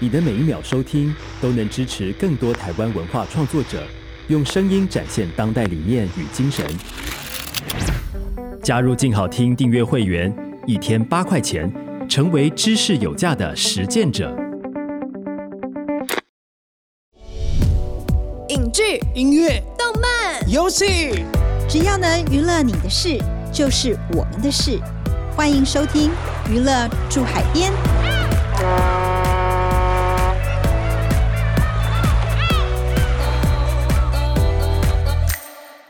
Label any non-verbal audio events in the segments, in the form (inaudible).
你的每一秒收聽，都能支持更多台灣文化創作者，用聲音展現當代理念與精神。加入鏡好聽訂閱會員，一天八塊錢，成為知識有價的實踐者。影劇、音樂、動漫、遊戲，只要能娛樂你的事，就是我們的事。歡迎收聽《娛樂住海邊》啊。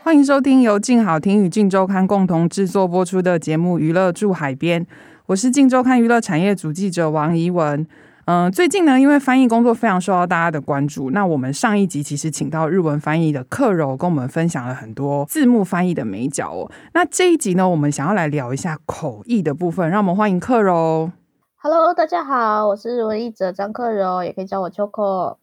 歡迎收聽由鏡好聽與鏡週刊共同製作播出的節目《娛樂駐海邊》，我是鏡週刊娛樂產業組記者王怡文。嗯，最近呢，因為翻譯工作非常受到大家的關注，那我們上一集其實請到日文翻譯的克柔，跟我們分享了很多字幕翻譯的眉角哦。那這一集呢，我們想要來聊一下口譯的部分，讓我們歡迎克柔。Hello，大家好，我是日文譯者張克柔，也可以叫我秋可。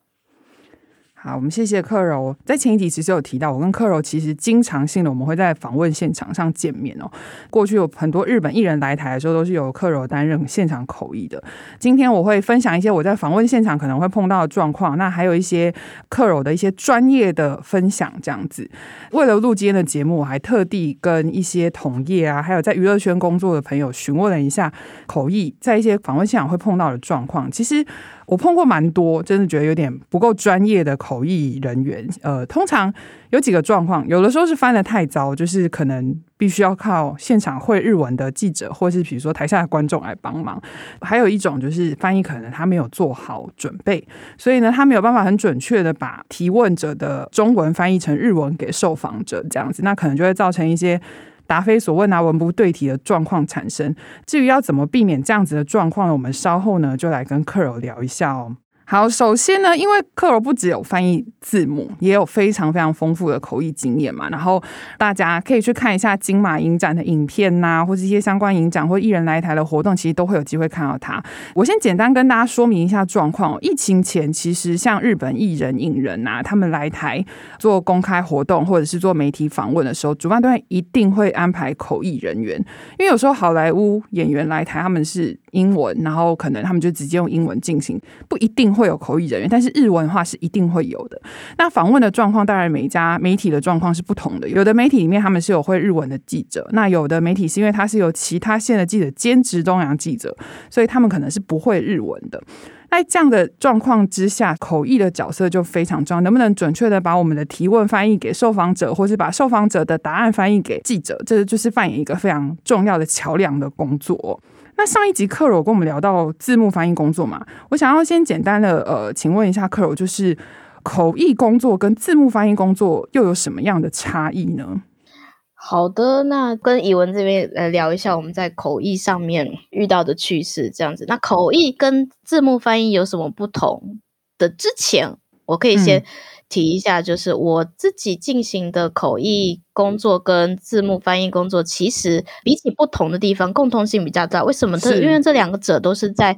啊，我們謝謝克柔，在前一集其實有提到，我跟克柔其實經常性的我們會在訪問現場上見面哦。過去有很多日本藝人來台的時候，都是由克柔擔任現場口譯的。今天我會分享一些我在訪問現場可能會碰到的狀況，那還有一些克柔的一些專業的分享這樣子。為了錄今天的節目，我還特地跟一些同業啊，還有在娛樂圈工作的朋友詢問了一下口譯在一些訪問現場會碰到的狀況，其實。我碰過蠻多，真的覺得有點不夠專業的口譯人員。呃，通常有幾個狀況，有的時候是翻得太糟，就是可能必須要靠現場會日文的記者，或是比如說台下的觀眾來幫忙。還有一種就是翻譯，可能他沒有做好準備，所以呢，他沒有辦法很準確地把提問者的中文翻譯成日文給受訪者，這樣子，那可能就會造成一些。答非所問啊，文不對題的狀況產生。至於要怎麼避免這樣子的狀況呢？我們稍後呢就來跟克柔聊一下哦。好，首先呢，因為克柔不只有翻譯字幕，也有非常非常豐富的口譯經驗嘛。然後大家可以去看一下金馬影展的影片吶、啊，或是一些相關影展或藝人來台的活動，其實都會有機會看到他。我先簡單跟大家說明一下狀況，哦：疫情前，其實像日本藝人、影人啊，他們來台做公開活動或者是做媒體訪問的時候，主辦單位一定會安排口譯人員，因為有時候好萊塢演員來台，他們是英文，然後可能他們就直接用英文進行，不一定會有口譯人員，但是日文的話是一定會有的。那訪問的狀況，當然每家媒體的狀況是不同的。有的媒體裡面他們是有會日文的記者，那有的媒體是因為他是有其他線的記者兼職中央記者，所以他們可能是不會日文的。那這樣的狀況之下，口譯的角色就非常重要，能不能準確地把我們的提問翻譯給受訪者，或是把受訪者的答案翻譯給記者，這就是扮演一個非常重要的橋樑的工作。那上一集克柔跟我們聊到字幕翻譯工作嘛，我想要先簡單的呃，請問一下，克柔，就是口譯工作跟字幕翻譯工作又有什麼樣的差異呢？好的，那跟以文這邊來聊一下我們在口譯上面遇到的趣事，這樣子。那口譯跟字幕翻譯有什麼不同的？之前我可以先、嗯。提一下，就是我自己進行的口譯工作跟字幕翻譯工作，其實比起不同的地方，共通性比較大。為什麼？這因為這兩個者都是在，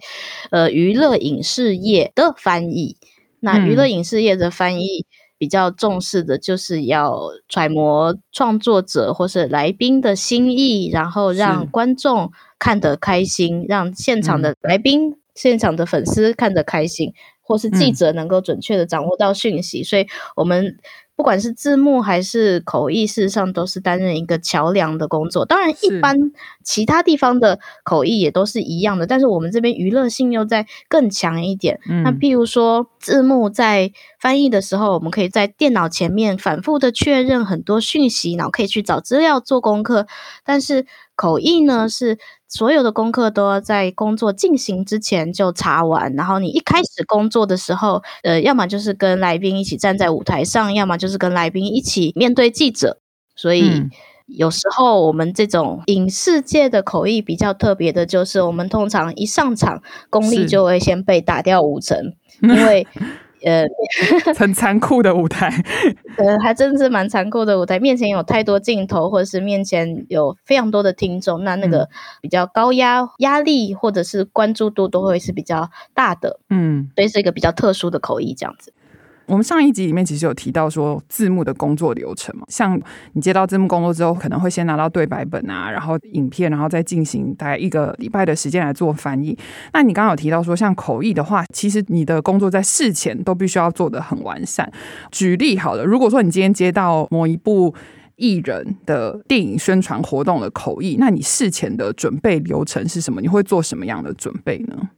呃，娛樂影視業的翻譯。那娛樂影視業的翻譯比較重視的就是要揣摩創作者或是來賓的心意，然後讓觀眾看得開心，讓現場的來賓、嗯、現場的粉絲看得開心。或是記者能夠準確的掌握到訊息，嗯、所以我們不管是字幕還是口譯，事實上都是擔任一個橋樑的工作。當然，一般其他地方的口譯也都是一樣的，是。但是我們這邊娛樂性又再更強一點。嗯、那譬如說字幕在翻譯的時候，我們可以在電腦前面反復的確認很多訊息，然後可以去找資料做功課。但是口譯呢是。所有的功課都要在工作進行之前就查完，然後你一開始工作的時候，呃，要麼就是跟來賓一起站在舞台上，要麼就是跟來賓一起面對記者。所以，嗯，有時候我們這種影視界的口譯比較特別的，就是我們通常一上場，功力就會先被打掉五成，因為。 (laughs) 呃，很殘酷的舞台， (laughs) 呃，還真是蠻殘酷的舞台。面前有太多鏡頭，或者是面前有非常多的聽眾、嗯，那那個比較高壓壓力，或者是關注度都會是比較大的。嗯，所以是一個比較特殊的口譯這樣子。我們上一集裡面其實有提到說字幕的工作流程嘛，像你接到字幕工作之後，可能會先拿到對白本啊，然後影片，然後再進行大概一個禮拜的時間來做翻譯。那你剛剛有提到說，像口譯的話，其實你的工作在事前都必須要做得很完善。舉例好了，如果說你今天接到某一部藝人的電影宣傳活動的口譯，那你事前的準備流程是什麼？你會做什麼樣的準備呢？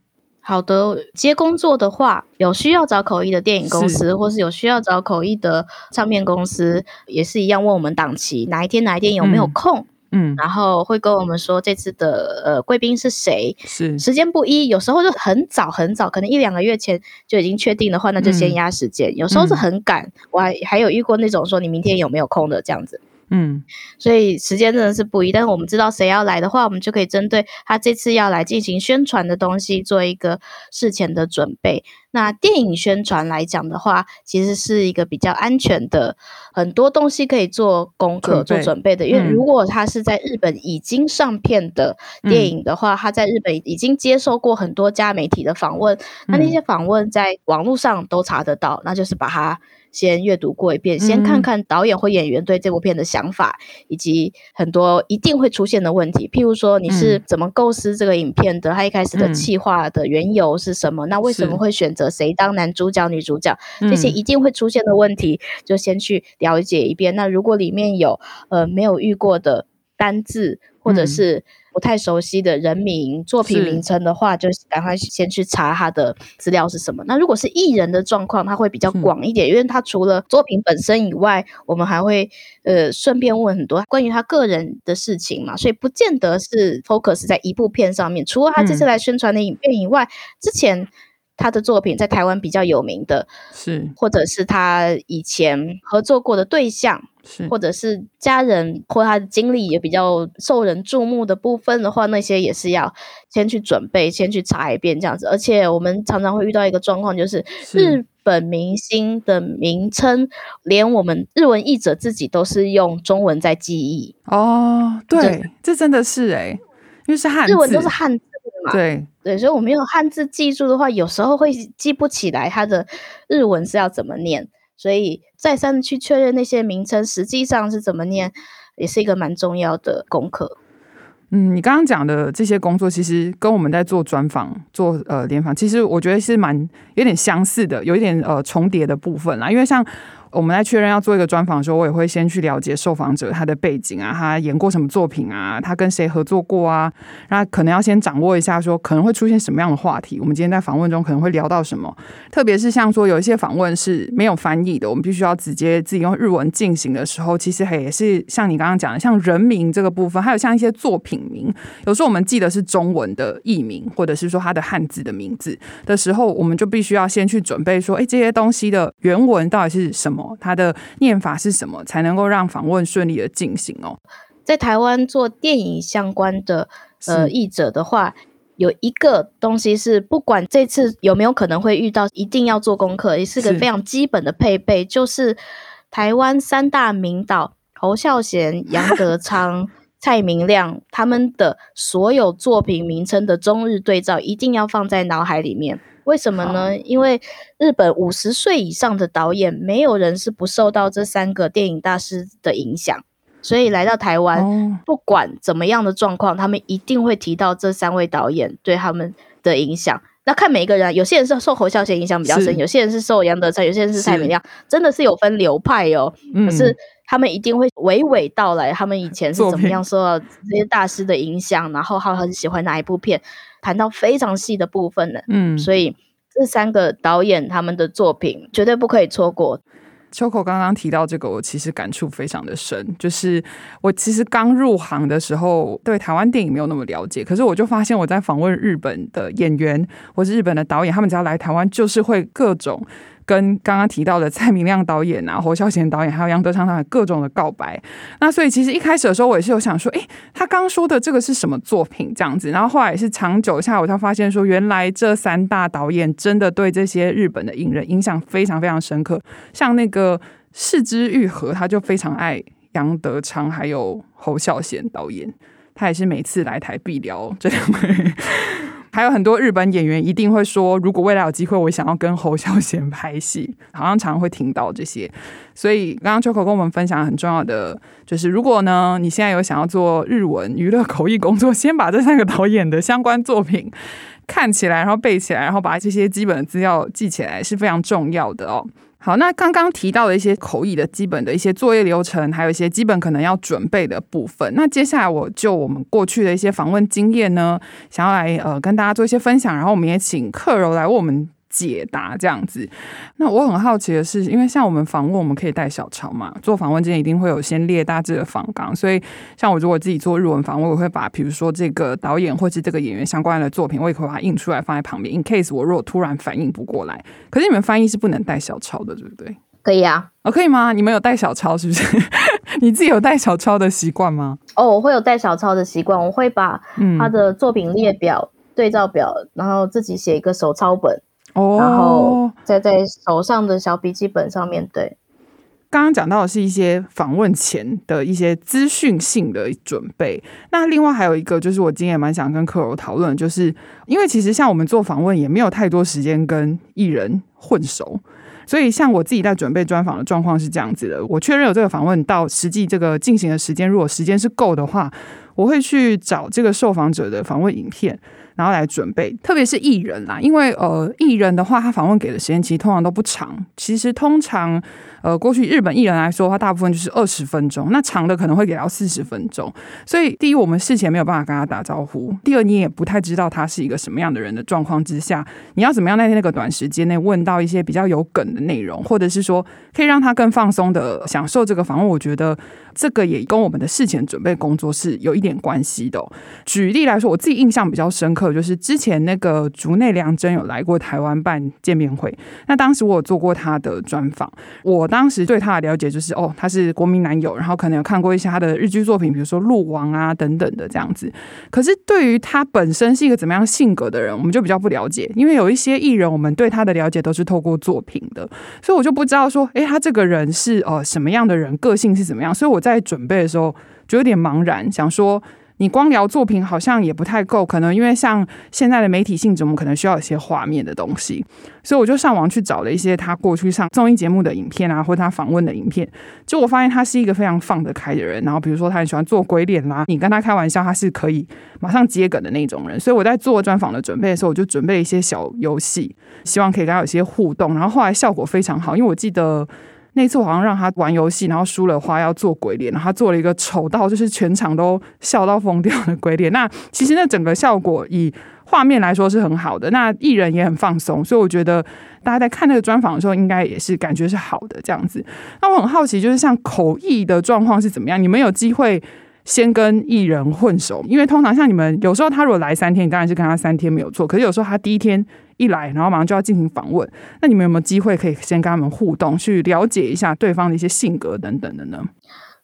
好的，接工作的話，有需要找口譯的電影公司，或是有需要找口譯的唱片公司，也是一樣問我們檔期，哪一天哪一天有沒有空，嗯，嗯然後會跟我們說這次的呃貴賓是誰，是時間不一，有時候就很早很早，可能一兩個月前就已經確定的話，那就先壓時間，嗯，有時候是很趕，我還還有遇過那種說你明天有沒有空的這樣子。嗯，所以時間真的是不一，但是我們知道誰要來的話，我們就可以針對他這次要來進行宣傳的東西做一個事前的準備。那電影宣傳來講的話，其實是一個比較安全的，很多東西可以做功課、做準備的。因為如果他是在日本已經上片的電影的話，嗯，他在日本已經接受過很多家媒體的訪問，嗯，那那些訪問在網絡上都查得到，那就是把它。先閱讀過一遍，先看看導演或演員對這部片的想法，嗯，以及很多一定會出現的問題，譬如說你是怎麼構思這個影片的，嗯，他一開始的企劃的緣由是什麼，嗯，那為什麼會選擇誰當男主角、女主角，這些一定會出現的問題，嗯，就先去了解一遍。那如果裡面有呃沒有遇過的單字或者是，嗯。不太熟悉的人名、作品名稱的話，就趕快先去查他的資料是什麼。那如果是藝人的狀況，他會比較廣一點，因為他除了作品本身以外，我們還會呃順便問很多關於他個人的事情嘛，所以不見得是 focus 在一部片上面。除了他這次來宣傳的影片以外，嗯，之前他的作品在台灣比較有名的是，或者是他以前合作過的對象。或者是家人或他的經歷也比較受人注目的部分的話，那些也是要先去準備，先去查一遍這樣子。而且我們常常會遇到一個狀況，就是，是日本明星的名稱，連我們日文譯者自己都是用中文在記憶。哦、oh，對、就是，這真的是誒、欸，因為是漢字，日文都是漢字嘛。對對，所以我們用漢字記住的話，有時候會記不起來他的日文是要怎麼念，所以。再三的去確認那些名稱實際上是怎麼念，也是一個蠻重要的功課。嗯，你剛剛講的這些工作，其實跟我們在做專訪、做呃聯訪，其實我覺得是蠻有點相似的，有一點呃重疊的部分啦。因為像我們在確認要做一個專訪的時候，我也會先去了解受訪者他的背景啊，他演過什麼作品啊，他跟誰合作過啊，那可能要先掌握一下說可能會出現什麼樣的話題。我們今天在訪問中可能會聊到什麼，特別是像說有一些訪問是沒有翻譯的，我們必須要直接自己用日文進行的時候，其實也是像你剛剛講的，像人名這個部分，還有像一些作品名，有時候我們記得是中文的譯名，或者是說他的漢字的名字的時候，我們就必須要先去準備說，哎、欸，這些東西的原文到底是什麼？他的念法是什麼，才能夠讓訪問順利的進行哦。在台灣做電影相關的呃譯者的話，有一個東西是不管這次有沒有可能會遇到，一定要做功課，也是個非常基本的配備，是就是台灣三大名導侯孝賢、楊德昌、 (laughs) 蔡明亮他們的所有作品名稱的中日對照，一定要放在腦海裡面。為什麼呢？因為日本五十歲以上的導演，沒有人是不受到這三個電影大師的影響。所以，來到台灣，哦，不管怎麼樣的狀況，他們一定會提到這三位導演對他們的影響。那看每一個人，有些人是受侯孝賢影響比較深，有些人是受楊德昌，有些人是蔡明亮，真的是有分流派哦，喔嗯。可是。他們一定會娓娓道來，他們以前是怎麼樣受到這些大師的影響，然後好他很喜歡哪一部片，談到非常細的部分的。嗯，所以這三個導演他們的作品絕對不可以錯過。秋口剛剛提到這個，我其實感觸非常的深，就是我其實剛入行的時候對台灣電影沒有那麼了解，可是我就發現我在訪問日本的演員或是日本的導演，他們只要來台灣就是會各種。跟剛剛提到的蔡明亮導演啊、侯孝賢導演，還有楊德昌導演各種的告白，那所以其實一開始的時候，我也是有想說，誒，他剛說的這個是什麼作品這樣子？然後後來也是長久下來，我才發現說，原來這三大導演真的對這些日本的影人影響非常非常深刻。像那個是枝裕和，他就非常愛楊德昌還有侯孝賢導演，他也是每次來台必聊這兩位。 (laughs) 還有很多日本演員一定會說，如果未來有機會，我想要跟侯孝賢拍戲，好像常常會聽到這些。所以剛剛秋口跟我們分享很重要的就是，如果呢，你現在有想要做日文娛樂口譯工作，先把這三個導演的相關作品。看起來，然後背起來，然後把這些基本的資料記起來是非常重要的哦。好，那剛剛提到的一些口譯的基本的一些作業流程，還有一些基本可能要準備的部分。那接下來我就我們過去的一些訪問經驗呢，想要來呃跟大家做一些分享，然後我們也請克柔來為我們解答這樣子，那我很好奇的是，因為像我們訪問，我們可以帶小抄嘛？做訪問之前一定會有先列大致的訪綱，所以像我如果自己做日文訪問，我會把比如說這個導演或是這個演員相關的作品，我也可以把它印出來放在旁邊，in case 我如果突然反應不過來。可是你們翻譯是不能帶小抄的，對不對？可以啊。哦、可以嗎？你們有帶小抄是不是？ (laughs) 你自己有帶小抄的習慣嗎？哦，我會有帶小抄的習慣，我會把他的作品列表對照表，然後自己寫一個手抄本。哦，然後再在，在手上的小筆記本上面，對。哦，剛剛講到的是一些訪問前的一些資訊性的準備。那另外還有一個，就是我今天也蠻想跟克柔討論，就是因為其實像我們做訪問也沒有太多時間跟藝人混熟，所以像我自己在準備專訪的狀況是這樣子的：我確認有這個訪問到實際這個進行的時間，如果時間是夠的話，我會去找這個受訪者的訪問影片。然後來準備，特別是藝人啦，因為呃，藝人的話，他訪問給的時間其實通常都不長。其實通常，呃，過去日本藝人來說，他大部分就是二十分鐘，那長的可能會給到四十分鐘。所以，第一，我們事前沒有辦法跟他打招呼，第二，你也不太知道他是一個什麼樣的人的狀況之下，你要怎麼樣在那個短時間內問到一些比較有梗的內容，或者是說可以讓他更放鬆的享受這個訪問。我覺得。這個也跟我們的事前準備工作是有一點關係的，哦。舉例來說，我自己印象比較深刻，就是之前那個竹內涼真有來過台灣辦見面會。那當時我有做過他的專訪，我當時對他的了解就是，哦，他是國民男友，然後可能有看過一些他的日劇作品，比如說《陸王》啊等等的這樣子。可是對於他本身是一個怎麼樣性格的人，我們就比較不了解。因為有一些藝人，我們對他的了解都是透過作品的，所以我就不知道說，哎，他這個人是呃什麼樣的人，個性是怎麼樣。所以我。在準備的時候就有點茫然，想說你光聊作品好像也不太夠，可能因為像現在的媒體性質，我們可能需要一些畫面的東西，所以我就上網去找了一些他過去上綜藝節目的影片啊，或者他訪問的影片。就我發現他是一個非常放得開的人，然後比如說他很喜歡做鬼臉啦，啊，你跟他開玩笑，他是可以馬上接梗的那種人。所以我在做專訪的準備的時候，我就準備了一些小遊戲，希望可以跟他有些互動。然後後來效果非常好，因為我記得。那次我好像讓他玩遊戲，然後輸了話要做鬼臉，然後他做了一個醜到就是全場都笑到瘋掉的鬼臉。那其實那整個效果以畫面來說是很好的，那藝人也很放鬆，所以我覺得大家在看那個專訪的時候，應該也是感覺是好的這樣子。那我很好奇，就是像口譯的狀況是怎麼樣？你們有機會先跟藝人混熟，因為通常像你們有時候他如果來三天，你當然是跟他三天沒有錯，可是有時候他第一天。一來，然後馬上就要進行訪問，那你們有沒有機會可以先跟他們互動，去了解一下對方的一些性格等等的呢？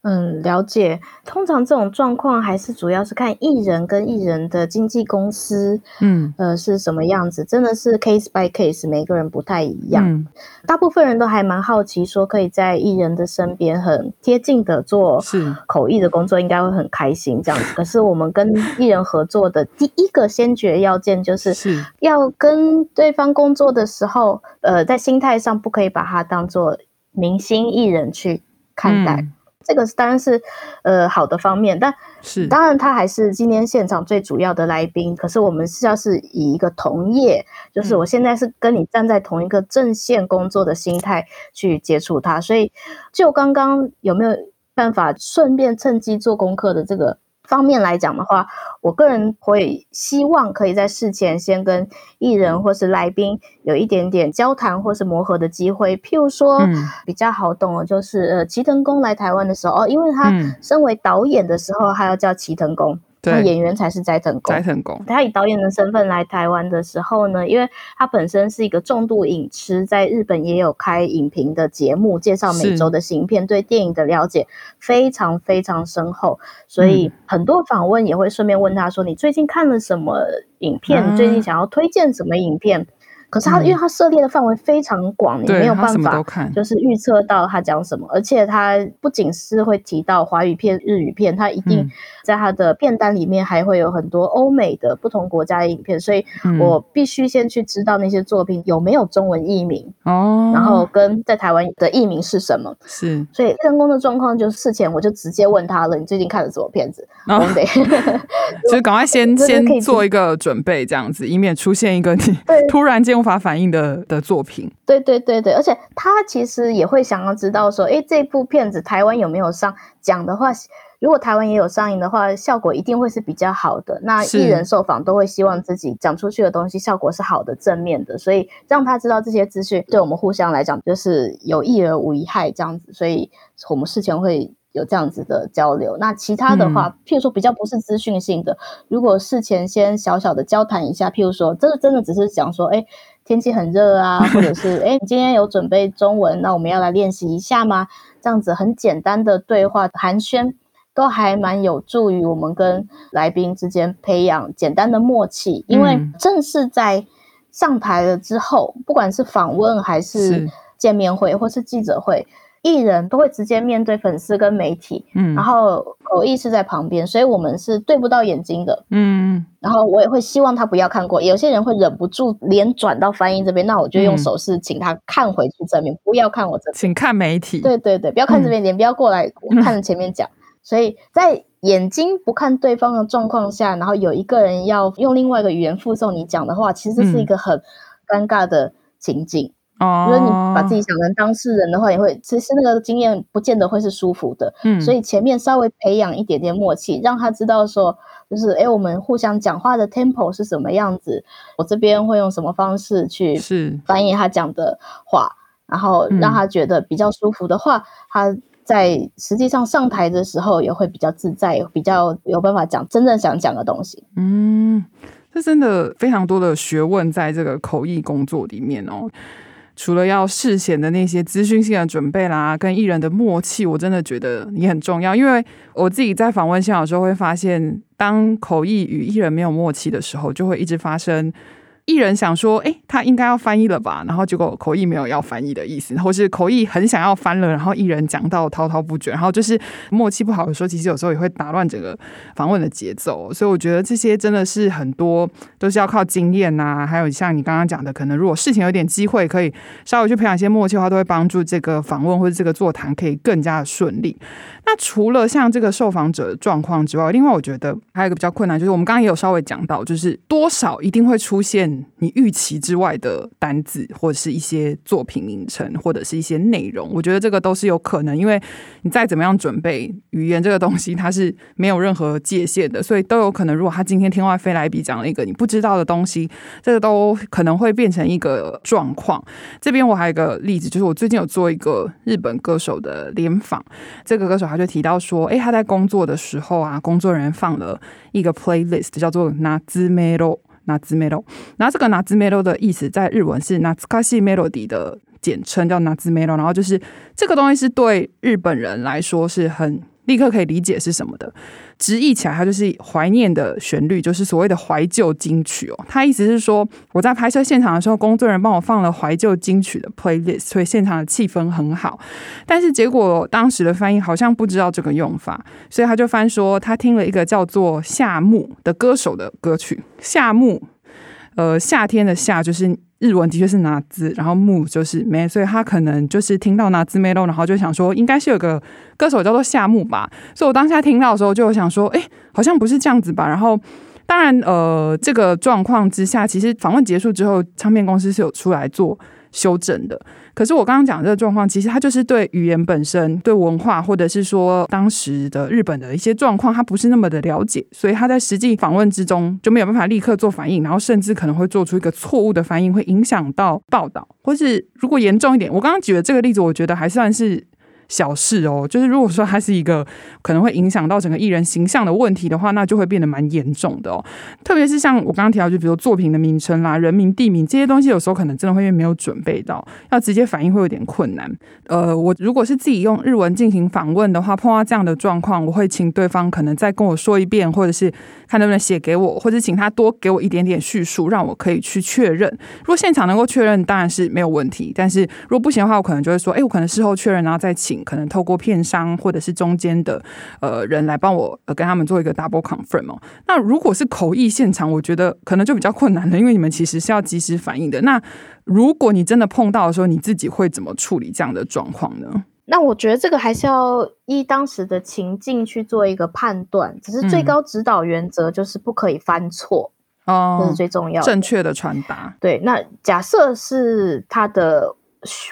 嗯，了解。通常這種狀況還是主要是看藝人跟藝人的經紀公司，嗯呃是什麼樣子，真的是 case by case，每個人不太一樣。嗯、大部分人都還蠻好奇，說可以在藝人的身邊很貼近的做口譯的工作，應該會很開心這樣子。是。可是我們跟藝人合作的第一個先決要件就是要跟對方工作的時候，呃，在心態上不可以把它當做明星藝人去看待。嗯。這個是當然是，呃，好的方面，但是當然他還是今天現場最主要的來賓。可是我們是要是以一個同業、嗯，就是我現在是跟你站在同一個陣線工作的心態去接觸他，所以就剛剛有沒有辦法順便趁機做功課的這個？方面來講的話，我個人會希望可以在事前先跟藝人或是來賓有一點點交談或是磨合的機會，譬如說、嗯、比較好懂的，就是呃齊藤工來台灣的時候哦，因為他身為導演的時候還、嗯、要叫齊藤工那演員才是齋藤工。齋藤工，他以導演的身份來台灣的時候呢，因為他本身是一個重度影痴，在日本也有開影評的節目，介紹每周的新片，對電影的了解非常非常深厚，所以很多訪問也會順便問他說、嗯：“你最近看了什麼影片？嗯、你最近想要推薦什麼影片？”可是他，嗯、因為他涉獵的範圍非常廣，你沒有辦法，就是預測到他講什麼，他什麼都看。而且他不僅是會提到華語片、日語片，他一定在他的片單裡面還會有很多歐美的不同國家的影片。嗯、所以我必須先去知道那些作品有沒有中文譯名哦，然後跟在台灣的譯名是什麼。是，所以成功的狀況就是事前我就直接問他了：“你最近看了什麼片子？”然、哦、後、Okay、 (laughs) (laughs) 就趕快先先做一個準備，這樣子以免出現一個你突然間。方法反映的的作品，對對對對，而且他其實也會想要知道說，誒這部片子台灣有沒有上？講的話，如果台灣也有上映的話，效果一定會是比較好的。那藝人受訪都會希望自己講出去的東西效果是好的、正面的，所以讓他知道這些資訊，對我們互相來講就是有益而無一害這樣子，所以我們事前會。有這樣子的交流，那其他的話，嗯、譬如說比較不是資訊性的，如果事前先小小的交談一下，譬如說，真的真的只是講說，誒、欸、天氣很熱啊， (laughs) 或者是，誒、欸、你今天有準備中文，那我們要來練習一下嗎？這樣子很簡單的對話寒暄，都還蠻有助於我們跟來賓之間培養簡單的默契，因為正式在上台了之後，不管是訪問還是見面會或是記者會。藝人都會直接面對粉絲跟媒體，嗯，然後口譯是在旁邊，所以我們是對不到眼睛的，嗯，然後我也會希望他不要看過，有些人會忍不住臉轉到翻譯這邊，嗯、那我就用手勢請他看回去這邊，不要看我這邊，請看媒體，對對對，不要看這邊，臉、嗯、不要過來，看着前面講、嗯，所以在眼睛不看對方的狀況下，然後有一個人要用另外一個語言復述你講的話，其實是一個很尷尬的情景。嗯如、oh, 果你把自己想成當事人的話，也會其實那個經驗不見得會是舒服的。嗯，所以前面稍微培養一點點默契，讓他知道說，就是哎、欸，我們互相講話的 tempo 是什麼樣子，我這邊會用什麼方式去翻譯他講的話，然後讓他覺得比較舒服的話，嗯、他在實際上上台的時候也會比較自在，比較有辦法講真正想講的東西。嗯，這真的非常多的學問在這個口譯工作裡面哦。除了要事先的那些資訊性的準備啦，跟藝人的默契，我真的覺得也很重要。因為我自己在訪問現場的時候會發現，當口譯與藝人沒有默契的時候，就會一直發生。藝人想說，誒、欸，他應該要翻譯了吧？然後結果口譯沒有要翻譯的意思，或是口譯很想要翻了，然後藝人講到滔滔不絕，然後就是默契不好的時候，其實有時候也會打亂整個訪問的節奏。所以我覺得這些真的是很多都是、就是要靠經驗吶、啊，還有像你剛剛講的，可能如果事情有點機會，可以稍微去培養一些默契的話，都會幫助這個訪問或者這個座談可以更加的順利。那除了像這個受訪者的狀況之外，另外我覺得還有一個比較困難，就是我們剛剛也有稍微講到，就是多少一定會出現。你預期之外的單子，或者是一些作品名稱，或者是一些內容，我覺得這個都是有可能。因為你再怎麼樣準備語言，這個東西它是沒有任何界限的，所以都有可能。如果他今天天外飛來一筆，講了一個你不知道的東西，這個都可能會變成一個狀況。這邊我還有一個例子，就是我最近有做一個日本歌手的聯訪，這個歌手他就提到說：“哎，他在工作的時候啊，工作人員放了一個 playlist 叫做《拿茲梅羅》。”ナッメロ，然後這個ナッツ的意思，在日文是ナッツカシメロ的簡稱，叫然後就是這個東西是對日本人來說是很立刻可以理解是什麼的，直譯起來它就是懷念的旋律，就是所謂的懷舊金曲哦。他意思是說，我在拍攝現場的時候，工作人員幫我放了懷舊金曲的 playlist，所以現場的氣氛很好。但是結果當時的翻譯好像不知道這個用法，所以他就翻說他聽了一個叫做夏目的歌手的歌曲，夏目。呃，夏天的夏就是日文的確是拿茲，然後木就是沒，所以他可能就是聽到拿茲沒咯，然後就想說應該是有個歌手叫做夏木吧，所以我當下聽到的時候就想說，誒、欸，好像不是這樣子吧。然後，當然，呃，這個狀況之下，其實訪問結束之後，唱片公司是有出來做。修正的，可是我剛剛講的這個狀況，其實他就是對語言本身、對文化，或者是說當時的日本的一些狀況，他不是那麼的了解，所以他在實際訪問之中就沒有辦法立刻做反應，然後甚至可能會做出一個錯誤的反應，會影響到報道，或是如果嚴重一點，我剛剛舉的這個例子，我覺得還算是。小事哦，就是如果說他是一個可能會影響到整個藝人形象的問題的話，那就會變得蠻嚴重的哦。特別是像我剛剛提到，就比如說作品的名稱啦、人名、地名這些東西，有時候可能真的會因為沒有準備到，要直接反應會有點困難。呃，我如果是自己用日文進行訪問的話，碰到這樣的狀況，我會請對方可能再跟我說一遍，或者是看能不能寫給我，或者請他多給我一點點敘述，讓我可以去確認。如果現場能夠確認，當然是沒有問題。但是如果不行的話，我可能就會說，哎，我可能事後確認，然後再請。可能透過片商或者是中間的呃人來幫我跟他們做一個 double confirm。哦，那如果是口譯現場，我覺得可能就比較困難了，因為你們其實是要及時反應的。那如果你真的碰到的時候，你自己會怎麼處理這樣的狀況呢？那我覺得這個還是要依當時的情境去做一個判斷，只是最高指導原則就是不可以犯錯哦，這、嗯就是最重要正確的傳達。對，那假設是他的。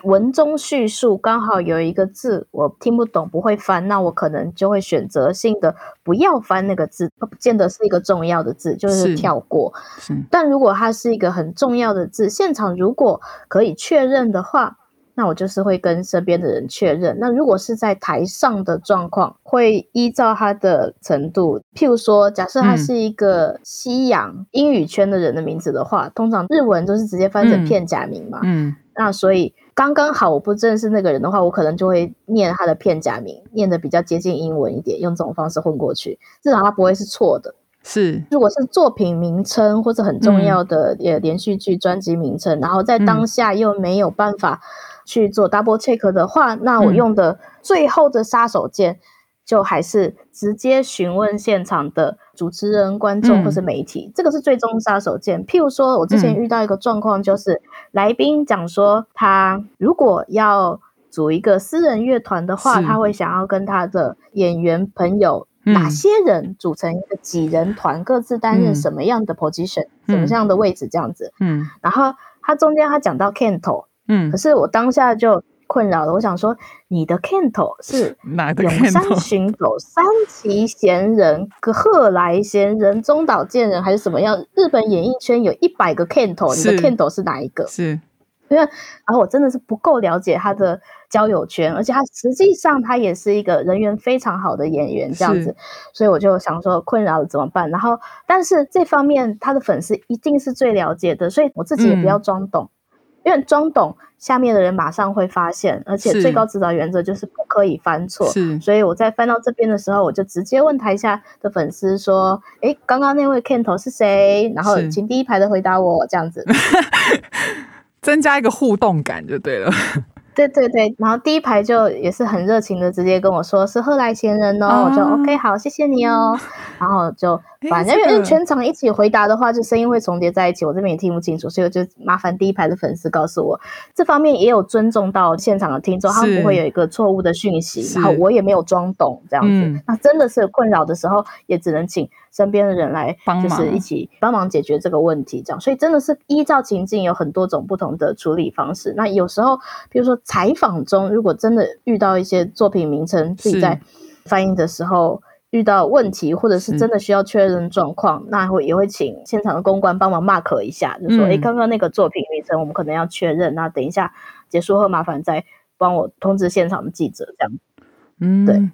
文中敘述剛好有一個字我聽不懂、不會翻，那我可能就會選擇性的不要翻那個字，它不見得是一個重要的字，就是跳過。是是。但如果它是一個很重要的字，現場如果可以確認的話，那我就是會跟身邊的人確認。那如果是在台上的狀況，會依照他的程度，譬如說，假設他是一個西洋英語圈的人的名字的話，嗯、通常日文都是直接翻成片假名嘛嗯。嗯。那所以剛剛好我不認識那個人的話，我可能就會念他的片假名，念得比較接近英文一點，用這種方式混過去，至少他不會是錯的。是。如果是作品名稱或者很重要的呃連續劇專輯名稱、嗯，然後在當下又沒有辦法。去做 double check 的話，那我用的最後的殺手鐧、嗯、就還是直接詢問現場的主持人、觀眾或是媒體、嗯，這個是最終殺手鐧。譬如說，我之前遇到一個狀況，就是、嗯、來賓講說，他如果要組一個私人樂團的話，他會想要跟他的演員朋友、嗯、哪些人組成一個幾人團，各自擔任什麼樣的 position，嗯、什麼樣的位置這樣子。嗯，然後他中間他講到 Canto。嗯，可是我當下就困擾了。我想說，你的 Kento 是哪個 Kento？永山絢斗、山崎賢人、葛賀來賢人、中島健人還是什麼樣？日本演藝圈有一百個 Kento，你的 Kento 是哪一個？是，因為然後我真的是不夠了解他的交友圈，而且他實際上他也是一個人緣非常好的演員這樣子，所以我就想說困擾了怎麼辦？然後，但是這方面他的粉絲一定是最了解的，所以我自己也不要裝懂。嗯因為裝懂下面的人馬上會發現，而且最高指導原則就是不可以犯錯，是。所以我在翻到這邊的時候，我就直接問台下的粉絲說：“哎、欸，剛剛那位 Kento 是誰？”然後請第一排的回答我，這樣子， (laughs) 增加一個互動感就對了。 (laughs) 對對對，然後第一排就也是很熱情的，直接跟我說是後來前人哦、啊，我就 OK 好，謝謝你哦，嗯、然後就反正就、那個、全場一起回答的話，就聲音會重疊在一起，我這邊也聽不清楚，所以我就麻煩第一排的粉絲告訴我。這方面也有尊重到現場的聽眾，他們不會有一個錯誤的訊息，然後我也沒有裝懂這樣子、嗯。那真的是困擾的時候，也只能請。身邊的人來，就是一起幫忙解決這個問題，這樣。所以真的是依照情境有很多種不同的處理方式。那有時候，比如說採訪中，如果真的遇到一些作品名稱自己在翻譯的時候遇到問題，或者是真的需要確認狀況，那會也會請現場的公關幫忙 mark 一下，就說：哎，剛剛那個作品名稱我們可能要確認。那等一下結束後，麻煩再幫我通知現場的記者，這樣。嗯，對。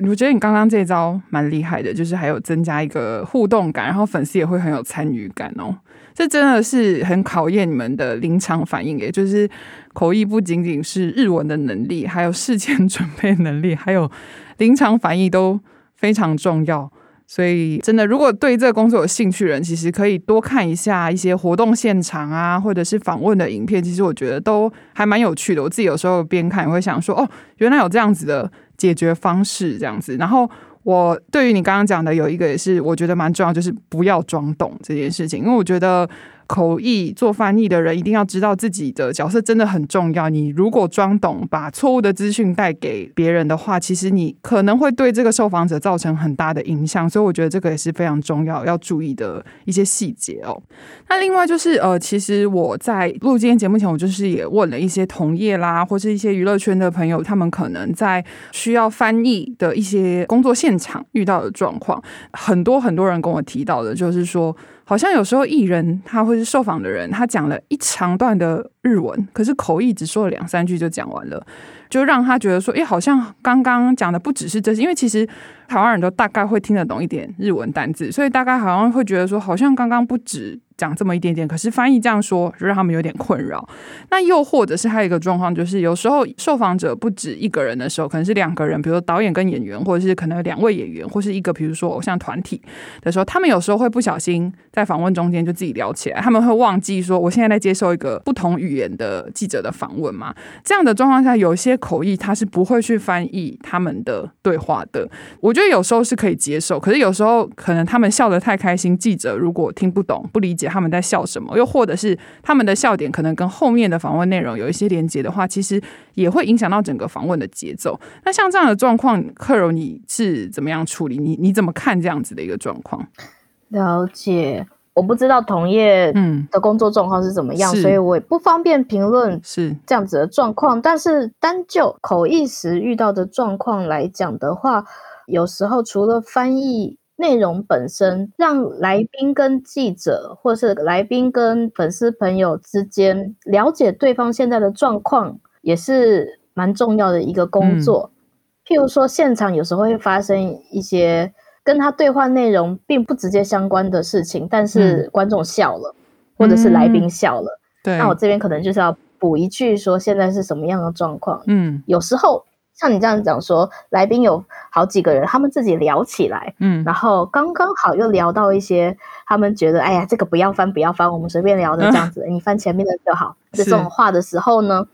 我覺得你剛剛這一招蠻厲害的，就是還有增加一個互動感，然後粉絲也會很有參與感哦。這真的是很考驗你們的臨場反應，也就是口譯不僅僅是日文的能力，還有事前準備能力，還有臨場反應都非常重要。所以真的，如果對這個工作有興趣的人，人其實可以多看一下一些活動現場啊，或者是訪問的影片。其實我覺得都還蠻有趣的。我自己有時候邊看也會想說，哦，原來有這樣子的。解決方式這樣子，然後我對於你剛剛講的有一個也是我覺得蠻重要，就是不要裝懂這件事情，因為我覺得。口譯做翻譯的人一定要知道自己的角色真的很重要。你如果裝懂，把錯誤的資訊帶給別人的話，其實你可能會對這個受訪者造成很大的影響。所以我覺得這個也是非常重要要注意的一些細節哦。那另外就是呃，其實我在錄今天節目前，我就是也問了一些同業啦，或是一些娛樂圈的朋友，他們可能在需要翻譯的一些工作現場遇到的狀況，很多很多人跟我提到的就是說。好像有時候藝人他或是受訪的人，他講了一長段的日文，可是口譯只說了兩三句就講完了，就讓他覺得說，哎，好像剛剛講的不只是這些，因為其實。台灣人都大概會聽得懂一點日文單字，所以大概好像會覺得說，好像剛剛不止講這麼一點點。可是翻譯這樣說，就讓他們有點困擾。那又或者是還有一個狀況，就是有時候受訪者不止一個人的時候，可能是兩個人，比如說導演跟演員，或者是可能兩位演員，或是一個比如說偶像團體的時候，他們有時候會不小心在訪問中間就自己聊起來，他們會忘記說我現在在接受一個不同語言的記者的訪問嘛。這樣的狀況下，有些口譯他是不會去翻譯他們的對話的。我就……所以有時候是可以接受，可是有時候可能他們笑得太開心，記者如果聽不懂，不理解他們在笑什麼，又或者是他們的笑點可能跟後面的訪問內容有一些連接的話，其實也會影響到整個訪問的節奏。那像這樣的狀況，克柔，你是怎麼樣處理？你你怎麼看這樣子的一個狀況？了解，我不知道同業嗯的工作狀況是怎麼樣，嗯、所以我也不方便評論是這樣子的狀況。但是單就口譯時遇到的狀況來講的話。有時候除了翻譯內容本身，讓來賓跟記者，或是來賓跟粉絲朋友之間了解對方現在的狀況，也是蠻重要的一個工作。嗯、譬如說，現場有時候會發生一些跟他對話內容並不直接相關的事情，但是觀眾笑了，嗯、或者是來賓笑了、嗯，那我這邊可能就是要補一句，說現在是什麼樣的狀況。嗯，有時候像你這樣講說，來賓有。好幾個人，他們自己聊起來，嗯，然後剛剛好又聊到一些他們覺得、嗯，哎呀，這個不要翻，不要翻，我們隨便聊的這樣子、嗯，你翻前面的就好。就這種話的時候呢，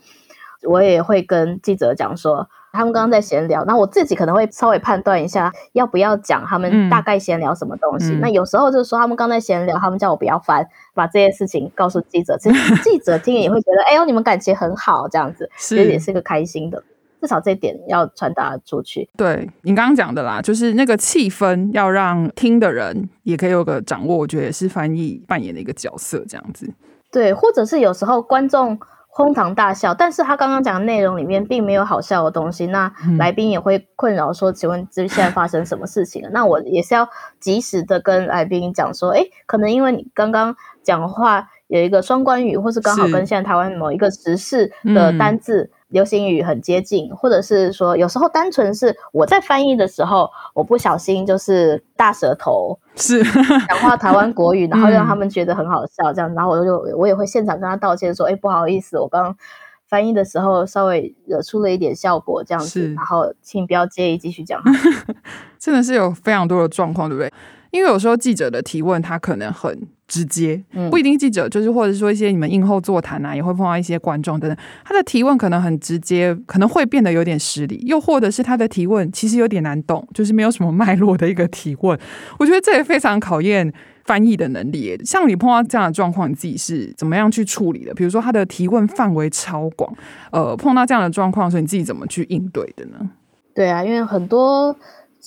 我也會跟記者講說，他們剛剛在閒聊，那我自己可能會稍微判斷一下要不要講他們大概閒聊什麼東西。嗯嗯、那有時候就是說他們剛在閒聊，他們叫我不要翻，把這些事情告訴記者，其實記者聽也會覺得，嗯、哎呦，你們感情很好，這樣子其實也是個開心的。至少這一點要傳達出去。對，你剛剛講的啦，就是那個氣氛要讓聽的人也可以有個掌握，我覺得也是翻譯扮演的一個角色，這樣子。對，或者是有時候觀眾鬨堂大笑，但是他剛剛講的內容裡面並沒有好笑的東西，那來賓也會困擾說，嗯、請問這現在發生什麼事情了？ (laughs) 那我也是要及時的跟來賓講說，哎，可能因為你剛剛講的話有一個雙關語，或是剛好跟現在台灣某一個時事的單字。流行語很接近，或者是說，有時候單純是我在翻譯的時候，我不小心就是大舌頭，是講話台灣國語， (laughs) 然後讓他們覺得很好笑，這樣，然後我就我也會現場跟他道歉，說，哎、欸，不好意思，我剛翻譯的時候稍微惹出了一點效果，這樣子，然後請不要介意繼講，繼續講。真的是有非常多的狀況，對不對？因為有時候記者的提問，他可能很。直接不一定，記者就是或者說一些你們映後座談啊，也會碰到一些觀眾等等，他的提問可能很直接，可能會變得有點失禮，又或者是他的提問其實有點難懂，就是沒有什麼脈絡的一個提問。我覺得這也非常考驗翻譯的能力。像你碰到這樣的狀況，你自己是怎麼樣去處理的？比如說他的提問範圍超廣，呃，碰到這樣的狀況，所以你自己怎麼去應對的呢？對啊，因為很多。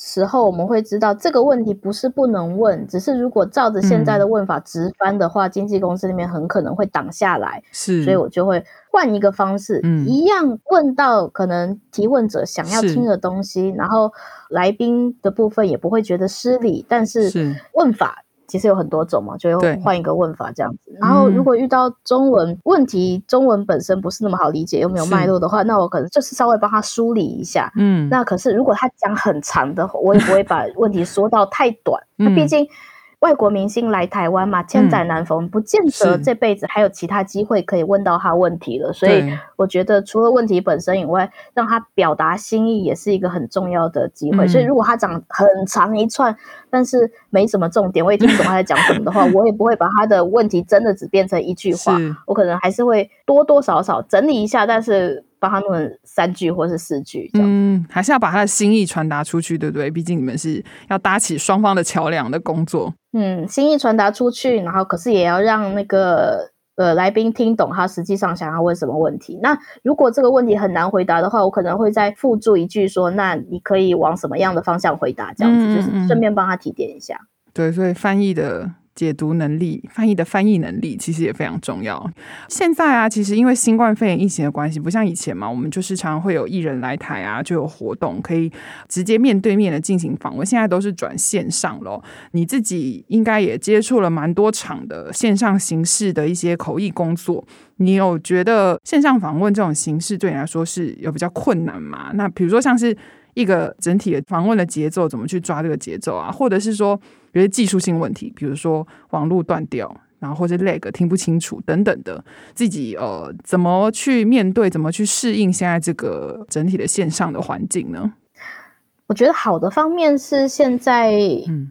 時候我們會知道，這個問題不是不能問，只是如果照着現在的問法直翻的話，嗯，經紀公司裡面很可能會擋下來。是，所以我就會換一個方式，嗯，一樣問到可能提問者想要聽的東西，然後來賓的部分也不會覺得失禮，但是問法其實有很多種嘛，就會換一個問法這樣子。然後，如果遇到中文問題，中文本身不是那麼好理解，又沒有脈絡的話，那我可能就是稍微幫他梳理一下。嗯，那可是如果他講很長的話，我也不會把問題說到太短。那、嗯、畢竟外國明星來台灣嘛，千載難逢、嗯，不見得這輩子還有其他機會可以問到他問題了。所以，我覺得除了問題本身以外，讓他表達心意也是一個很重要的機會。嗯、所以，如果他講很長一串。但是沒什麼重點，我也聽不懂他在講什麼的話， (laughs) 我也不會把他的問題真的只變成一句話，我可能還是會多多少少整理一下，但是幫他弄成三句或是四句這樣。嗯，還是要把他的心意傳達出去，對不對？畢竟你們是要搭起雙方的橋樑的工作。嗯，心意傳達出去，然後可是也要讓那個。呃，來賓聽懂他實際上想要問什麼問題。那如果這個問題很難回答的話，我可能會再附註一句說：“那你可以往什麼樣的方向回答？”這樣子，嗯嗯嗯，就是順便幫他提點一下。對，對，所以翻譯的。解讀能力、翻譯的翻譯能力其實也非常重要。現在啊，其實因為新冠肺炎疫情的關係，不像以前嘛，我們就時常會有藝人來台啊，就有活動可以直接面對面的進行訪問。現在都是轉線上咯，你自己應該也接觸了蠻多場的線上形式的一些口譯工作。你有覺得線上訪問這種形式對你來說是有比較困難嗎？那比如說像是一個整體的訪問的節奏，怎麼去抓這個節奏啊？或者是說？比如技術性問題，比如說網絡斷掉，然後或者 lag 聽不清楚等等的，自己呃怎麼去面對，怎麼去適應現在這個整體的線上的環境呢？我覺得好的方面是現在，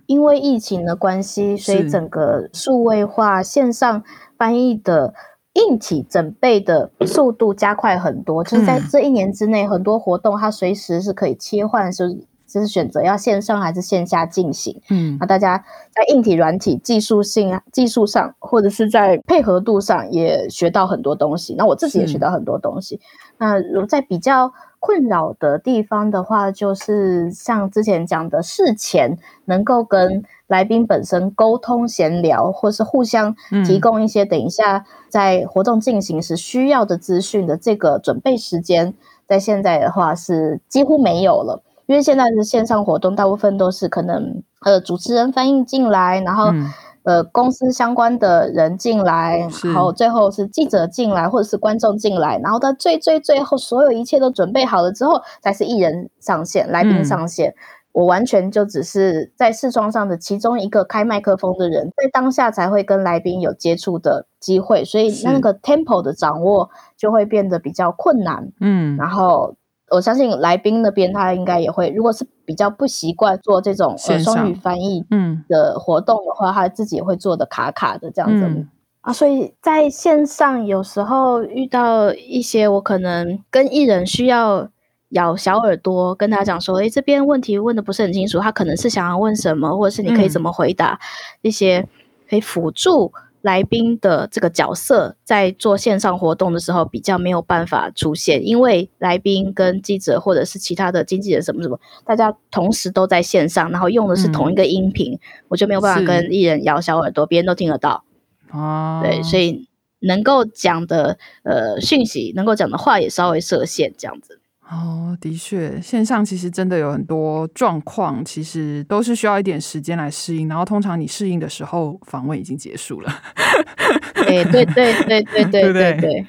因為疫情的關係，嗯、所以整個數位化線上翻譯的硬體整備的速度加快很多，就是在這一年之內，很多活動它隨時是可以切換，嗯是就是選擇要線上還是線下進行，嗯，那大家在硬體、軟體、技術性啊、技術上，或者是在配合度上也學到很多東西。那我自己也學到很多東西。那如在比較困擾的地方的話，就是像之前講的事前能夠跟來賓本身溝通閒聊、嗯，或是互相提供一些等一下在活動進行時需要的資訊的這個準備時間，在現在的話是幾乎沒有了。因為現在的線上活動，大部分都是可能，呃，主持人翻譯進來，然後，嗯、呃，公司相關的人進來，然後最後是記者進來，或者是觀眾進來，然後到最最最後，所有一切都準備好了之後，才是藝人上線、來賓上線、嗯。我完全就只是在視窗上的其中一個開麥克風的人，在當下才會跟來賓有接觸的機會，所以那個 tempo 的掌握就會變得比較困難。嗯，然後。嗯我相信來賓那邊他應該也會，如果是比較不習慣做這種雙語翻譯的活動的話，嗯、他自己也會做的卡卡的這樣子、嗯、啊，所以在線上有時候遇到一些我可能跟藝人需要咬小耳朵跟他講說，哎、欸，這邊問題問得不是很清楚，他可能是想要問什麼，或者是你可以怎麼回答，嗯、一些可以輔助。來賓的這個角色在做線上活動的時候比較沒有辦法出現，因為來賓跟記者或者是其他的經紀人什麼什麼，大家同時都在線上，然後用的是同一個音頻，嗯、我就沒有辦法跟藝人咬小耳朵，別人都聽得到。哦、啊，對，所以能夠講的呃訊息，能夠講的話也稍微設限這樣子。哦、oh，的確，線上其實真的有很多狀況，其實都是需要一點時間來適應。然後，通常你適應的時候，訪問已經結束了。哎、 (laughs) (laughs) 欸，對對對對對對對，對，對。 (laughs) 對對對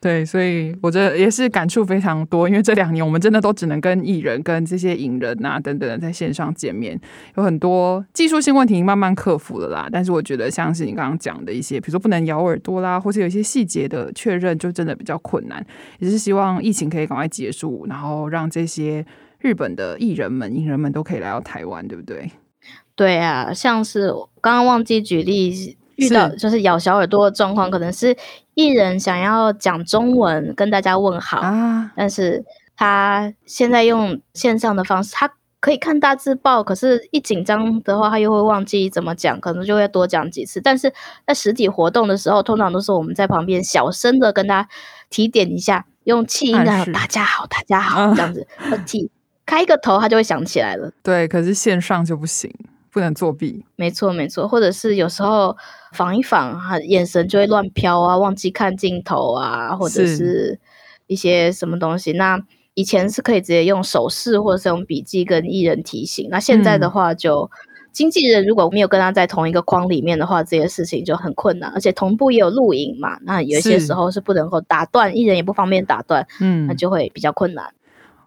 對，所以我這也是感觸非常多，因為這兩年我們真的都只能跟藝人、跟這些影人吶、啊、等等在線上見面，有很多技術性問題慢慢克服了啦。但是我覺得像是你剛剛講的一些，比如說不能咬耳朵啦，或者有一些細節的確認，就真的比較困難。也是希望疫情可以趕快結束，然後讓這些日本的藝人們、影人們都可以來到台灣，對不對？對啊，像是剛剛忘記舉例。遇到就是咬小耳朵的狀況，可能是藝人想要講中文跟大家問好啊，但是他現在用線上的方式，他可以看大字報，可是一緊張的話他又會忘記怎麼講，可能就會多講幾次，但是在實體活動的時候，通常都是我們在旁邊小聲的跟他提點一下，用氣音的“大家好，大家好”嗯、這樣子，而且開一個頭他就會想起來了。對，可是線上就不行。不能作弊。沒錯沒錯，或者是有時候訪一訪啊，眼神就會亂飄啊，忘記看鏡頭啊，或者是一些什麼東西。那以前是可以直接用手勢或者是用筆記跟藝人提醒，那現在的話就，就、嗯、經紀人如果沒有跟他在同一個框裡面的話，這些事情就很困難，而且同步也有錄影嘛，那有些時候是不能夠打斷，藝人也不方便打斷，嗯，那就會比較困難。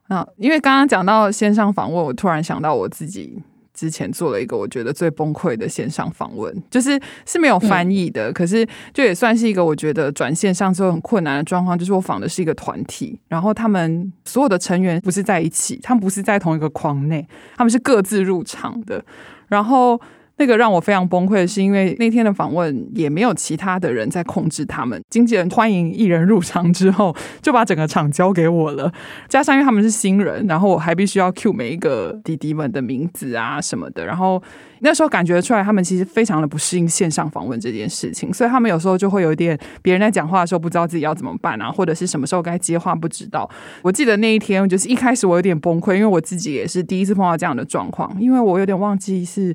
那、啊、因為剛剛講到線上訪問，我突然想到我自己。之前做了一個我覺得最崩潰的線上訪問，就是是沒有翻譯的，嗯、可是就也算是一個我覺得轉線上之後很困難的狀況，就是我訪的是一個團體，然後他們所有的成員不是在一起，他們不是在同一個框內，他們是各自入場的，然後。這、那個讓我非常崩潰是，因為那天的訪問也沒有其他的人在控制他們，經紀人歡迎藝人入場之後就把整個場交給我了。加上因為他們是新人，然後我還必須要 cue 每一個弟弟們的名字啊什麼的。然後那時候感覺出來，他們其實非常的不適應線上訪問這件事情，所以他們有時候就會有一點別人在講話的時候不知道自己要怎麼辦啊，或者是什麼時候該接話不知道。我記得那一天，就是一開始我有點崩潰，因為我自己也是第一次碰到這樣的狀況，因為我有點忘記是。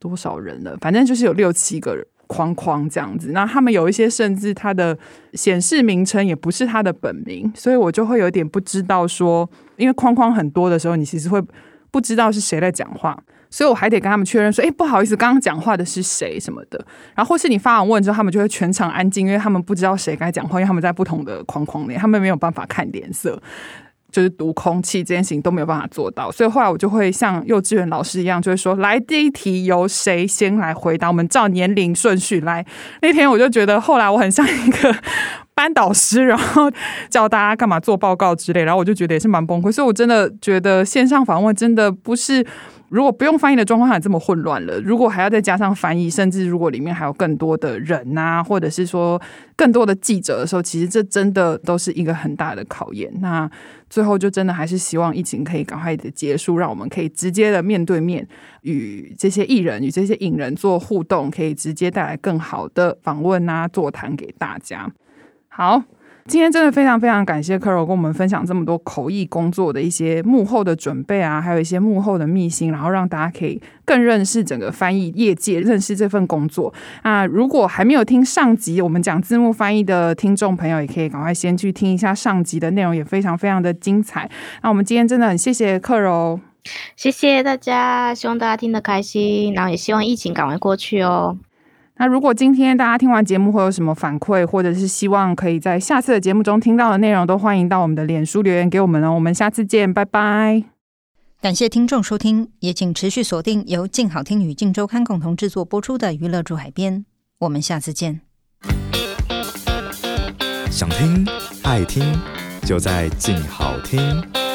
多少人了？反正就是有六七個框框這樣子。那他們有一些甚至他的顯示名稱也不是他的本名，所以我就會有點不知道說，因為框框很多的時候，你其實會不知道是誰在講話，所以我還得跟他們確認說：“欸，不好意思，剛剛講話的是誰什麼的。”然後或是你發完問之後，他們就會全場安靜，因為他們不知道誰該講話，因為他們在不同的框框裡，他們沒有辦法看臉色。就是讀空氣這件事情都沒有辦法做到，所以後來我就會像幼稚園老師一樣，就會說：“來第一題由誰先來回答？”我們照年齡順序來。那天我就覺得，後來我很像一個班導師，然後教大家幹嘛做報告之類，然後我就覺得也是蠻崩潰。所以我真的覺得線上訪問真的不是。如果不用翻譯的狀況下這麼混亂了，如果還要再加上翻譯，甚至如果裡面還有更多的人吶、啊，或者是說更多的記者的時候，其實這真的都是一個很大的考驗。那最後就真的還是希望疫情可以趕快的結束，讓我們可以直接的面對面與這些藝人與這些影人做互動，可以直接帶來更好的訪問啊座談給大家。好。今天真的非常非常感謝克柔跟我們分享這麼多口譯工作的一些幕後的準備啊，還有一些幕後的秘辛，然後讓大家可以更認識整個翻譯業界，認識這份工作。那如果還沒有聽上集我們講字幕翻譯的聽眾朋友，也可以趕快先去聽一下上集的內容，也非常非常的精彩。那我們今天真的很謝謝克柔，謝謝大家，希望大家聽得開心，然後也希望疫情趕快過去哦。那如果今天大家聽完節目，會有什麼反饋，或者是希望可以在下次的節目中聽到的內容，都歡迎到我們的臉書留言給我們哦。我們下次見，拜拜！感謝聽眾收聽，也請持續鎖定由鏡好聽與鏡周刊共同制作播出的《娛樂住海邊》，我們下次見。想聽愛聽，就在鏡好聽。